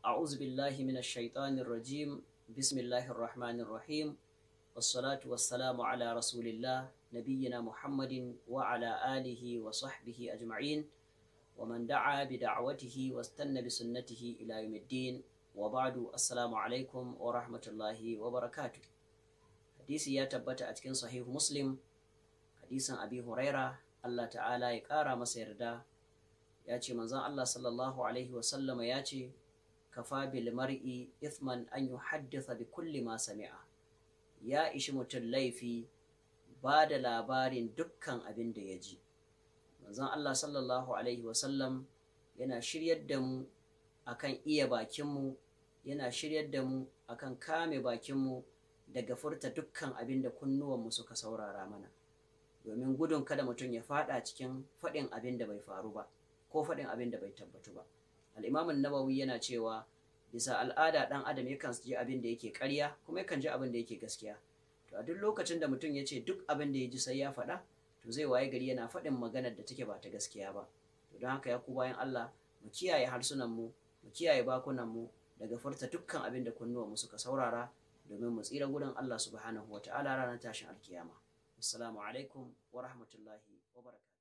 أعوذ بالله من الشيطان الرجيم بسم الله الرحمن الرحيم والصلاة والسلام على رسول الله نبينا محمد وعلى آله وصحبه أجمعين ومن دعا بدعوته واستنى بسنته إلى يوم الدين وبعد السلام عليكم ورحمة الله وبركاته حديث يا أتكن صحيح مسلم حديث أبي هريرة الله تعالى يكارى مسيردا ياتي منزان الله صلى الله عليه وسلم ياتي kafa bil mar'i ithman an yuhaddisa bi kulli ma sami'a ya ishi mutum laifi ba da labarin dukkan abin da ya ji manzon Allah sallallahu alaihi wa sallam yana shiryar da mu akan iya bakinmu yana shiryar da mu akan kame bakinmu daga furta dukkan abin da kunnuwan mu suka saurara mana domin gudun kada mutum ya fada cikin faɗin abin da bai faru ba ko faɗin abin da bai tabbatu ba al'imamin nawawi yana cewa bisa al'ada dan adam yakan ji abin da yake karya kuma yakan ji abin da yake gaskiya to a duk lokacin da mutum ya ce duk abin da ya ji sai ya faɗa to zai waye gari yana faɗin maganar da take ba ta gaskiya ba to don haka ya ku bayan Allah mu kiyaye harsunan mu mu kiyaye bakunan mu daga furta dukkan abin da kunnuwan mu suka saurara domin mu tsira gurin Allah subhanahu wataala ranar tashin alkiyama assalamu alaikum wa rahmatullahi wa barakatuh